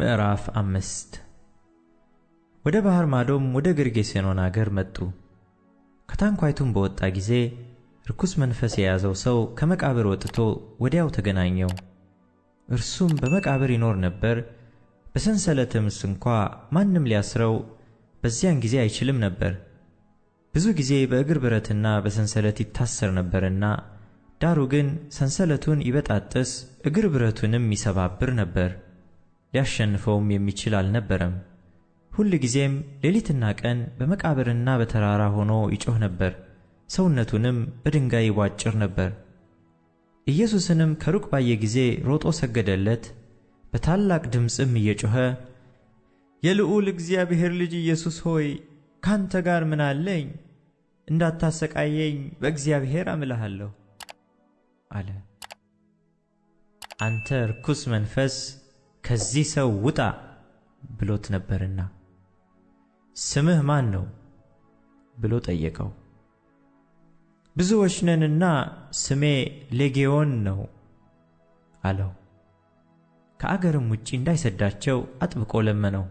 ምዕራፍ አምስት ወደ ባሕር ማዶም ወደ ግርጌሴኖን አገር መጡ። ከታንኳይቱም በወጣ ጊዜ ርኩስ መንፈስ የያዘው ሰው ከመቃብር ወጥቶ ወዲያው ተገናኘው። እርሱም በመቃብር ይኖር ነበር፣ በሰንሰለትም ስንኳ ማንም ሊያስረው በዚያን ጊዜ አይችልም ነበር። ብዙ ጊዜ በእግር ብረትና በሰንሰለት ይታሰር ነበርና፣ ዳሩ ግን ሰንሰለቱን ይበጣጥስ እግር ብረቱንም ይሰባብር ነበር። ሊያሸንፈውም የሚችል አልነበረም። ሁል ጊዜም ሌሊትና ቀን በመቃብርና በተራራ ሆኖ ይጮህ ነበር፣ ሰውነቱንም በድንጋይ ይቧጭር ነበር። ኢየሱስንም ከሩቅ ባየ ጊዜ ሮጦ ሰገደለት፣ በታላቅ ድምፅም እየጮኸ የልዑል እግዚአብሔር ልጅ ኢየሱስ ሆይ ካንተ ጋር ምን አለኝ? እንዳታሰቃየኝ በእግዚአብሔር አምልሃለሁ አለ። አንተ ርኩስ መንፈስ ከዚህ ሰው ውጣ ብሎት ነበርና ስምህ ማን ነው ብሎ ጠየቀው። ብዙዎች ነንና ስሜ ሌጌዮን ነው አለው። ከአገርም ውጭ እንዳይሰዳቸው አጥብቆ ለመነው።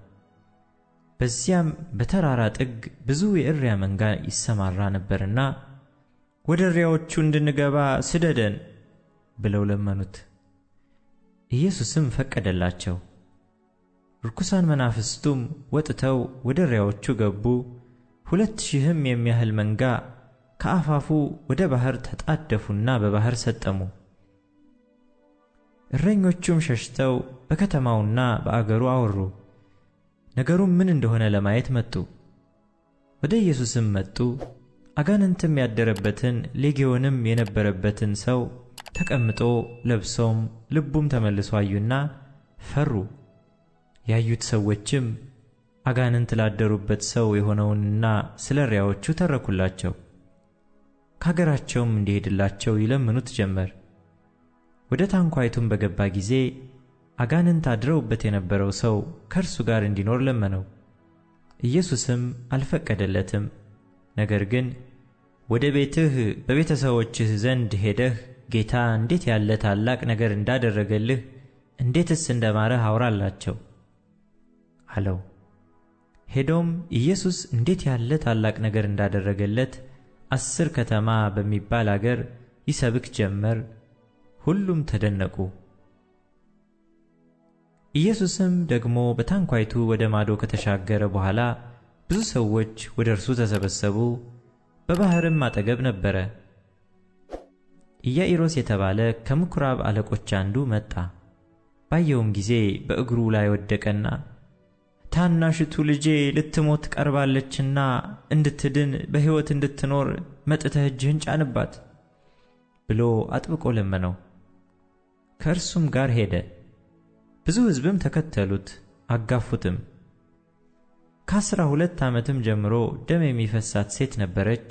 በዚያም በተራራ ጥግ ብዙ የእሪያ መንጋ ይሰማራ ነበርና ወደ እሪያዎቹ እንድንገባ ስደደን ብለው ለመኑት። ኢየሱስም ፈቀደላቸው። ርኩሳን መናፍስቱም ወጥተው ወደ እሪያዎቹ ገቡ። ሁለት ሺህም የሚያህል መንጋ ከአፋፉ ወደ ባህር ተጣደፉና በባህር ሰጠሙ። እረኞቹም ሸሽተው በከተማውና በአገሩ አወሩ። ነገሩም ምን እንደሆነ ለማየት መጡ። ወደ ኢየሱስም መጡ። አጋንንትም ያደረበትን ሌጊዮንም የነበረበትን ሰው ተቀምጦ ለብሰውም ልቡም ተመልሶ አዩና ፈሩ። ያዩት ሰዎችም አጋንንት ላደሩበት ሰው የሆነውንና ስለ እሪያዎቹ ተረኩላቸው። ከአገራቸውም እንዲሄድላቸው ይለምኑት ጀመር። ወደ ታንኳይቱም በገባ ጊዜ አጋንንት አድረውበት የነበረው ሰው ከእርሱ ጋር እንዲኖር ለመነው። ኢየሱስም አልፈቀደለትም። ነገር ግን ወደ ቤትህ በቤተሰቦችህ ዘንድ ሄደህ ጌታ እንዴት ያለ ታላቅ ነገር እንዳደረገልህ እንዴትስ እንደማረህ አውራላቸው አለው። ሄዶም ኢየሱስ እንዴት ያለ ታላቅ ነገር እንዳደረገለት አስር ከተማ በሚባል አገር ይሰብክ ጀመር፣ ሁሉም ተደነቁ። ኢየሱስም ደግሞ በታንኳይቱ ወደ ማዶ ከተሻገረ በኋላ ብዙ ሰዎች ወደ እርሱ ተሰበሰቡ፣ በባሕርም አጠገብ ነበረ። ኢያኢሮስ የተባለ ከምኵራብ አለቆች አንዱ መጣ። ባየውም ጊዜ በእግሩ ላይ ወደቀና ታናሽቱ ልጄ ልትሞት ቀርባለችና እንድትድን በሕይወት እንድትኖር መጥተህ እጅህን ጫንባት ብሎ አጥብቆ ለመነው። ከእርሱም ጋር ሄደ። ብዙ ሕዝብም ተከተሉት አጋፉትም። ከአሥራ ሁለት ዓመትም ጀምሮ ደም የሚፈሳት ሴት ነበረች።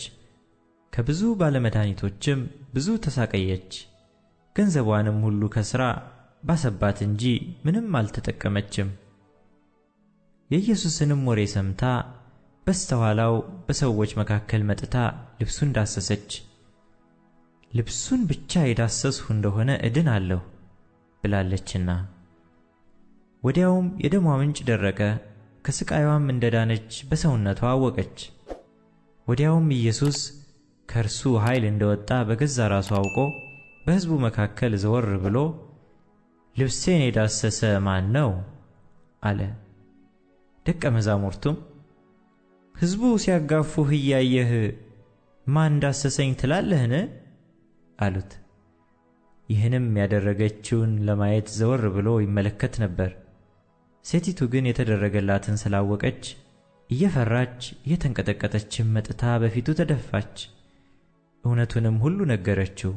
ከብዙ ባለመድኃኒቶችም ብዙ ተሳቀየች። ገንዘቧንም ሁሉ ከሥራ ባሰባት እንጂ ምንም አልተጠቀመችም። የኢየሱስንም ወሬ ሰምታ በስተኋላው በሰዎች መካከል መጥታ ልብሱን ዳሰሰች። ልብሱን ብቻ የዳሰስሁ እንደሆነ እድን አለሁ ብላለችና። ወዲያውም የደሟ ምንጭ ደረቀ፣ ከስቃይዋም እንደዳነች በሰውነቷ አወቀች። ወዲያውም ኢየሱስ ከእርሱ ኃይል እንደወጣ በገዛ ራሱ አውቆ በሕዝቡ መካከል ዘወር ብሎ ልብሴን የዳሰሰ ማን ነው? አለ። ደቀ መዛሙርቱም ሕዝቡ ሲያጋፉህ እያየህ ማን ዳሰሰኝ ትላለህን? አሉት። ይህንም ያደረገችውን ለማየት ዘወር ብሎ ይመለከት ነበር። ሴቲቱ ግን የተደረገላትን ስላወቀች እየፈራች እየተንቀጠቀጠችም መጥታ በፊቱ ተደፋች። እውነቱንም ሁሉ ነገረችው።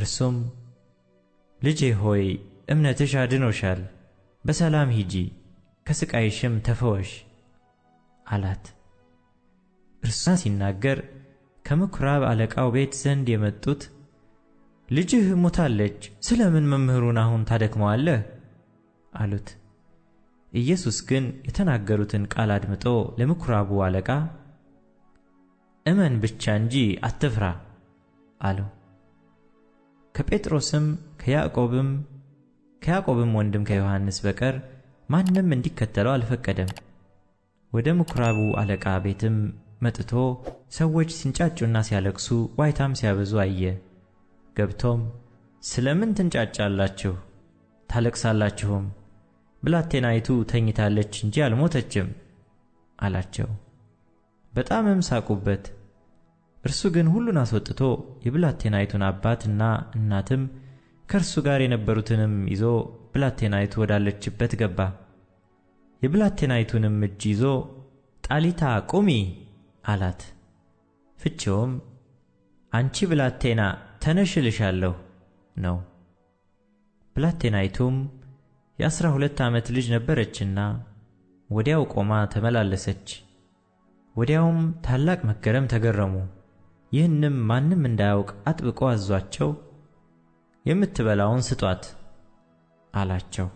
እርሱም ልጄ ሆይ እምነትሽ አድኖሻል፣ በሰላም ሂጂ፣ ከስቃይሽም ተፈወሽ አላት። እርሷ ሲናገር ከምኵራብ አለቃው ቤት ዘንድ የመጡት ልጅህ ሞታለች፣ ስለምን መምህሩን አሁን ታደክመዋለህ? አሉት። ኢየሱስ ግን የተናገሩትን ቃል አድምጦ ለምኵራቡ አለቃ እመን ብቻ እንጂ አትፍራ አለው። ከጴጥሮስም ከያዕቆብም ከያዕቆብም ወንድም ከዮሐንስ በቀር ማንም እንዲከተለው አልፈቀደም። ወደ ምኵራቡ አለቃ ቤትም መጥቶ ሰዎች ሲንጫጩና ሲያለቅሱ ዋይታም ሲያበዙ አየ። ገብቶም ስለምን ትንጫጫላችሁ ታለቅሳላችሁም? ብላቴናይቱ ተኝታለች እንጂ አልሞተችም አላቸው። በጣምም ሳቁበት። እርሱ ግን ሁሉን አስወጥቶ የብላቴናይቱን አባትና እናትም ከእርሱ ጋር የነበሩትንም ይዞ ብላቴናይቱ ወዳለችበት ገባ። የብላቴናይቱንም እጅ ይዞ ጣሊታ ቁሚ አላት። ፍቺውም አንቺ ብላቴና ተነሽልሻለሁ ነው። ብላቴናይቱም የአስራ ሁለት ዓመት ልጅ ነበረችና ወዲያው ቆማ ተመላለሰች። ወዲያውም ታላቅ መገረም ተገረሙ። ይህንም ማንም እንዳያውቅ አጥብቆ አዟቸው የምትበላውን ስጧት አላቸው።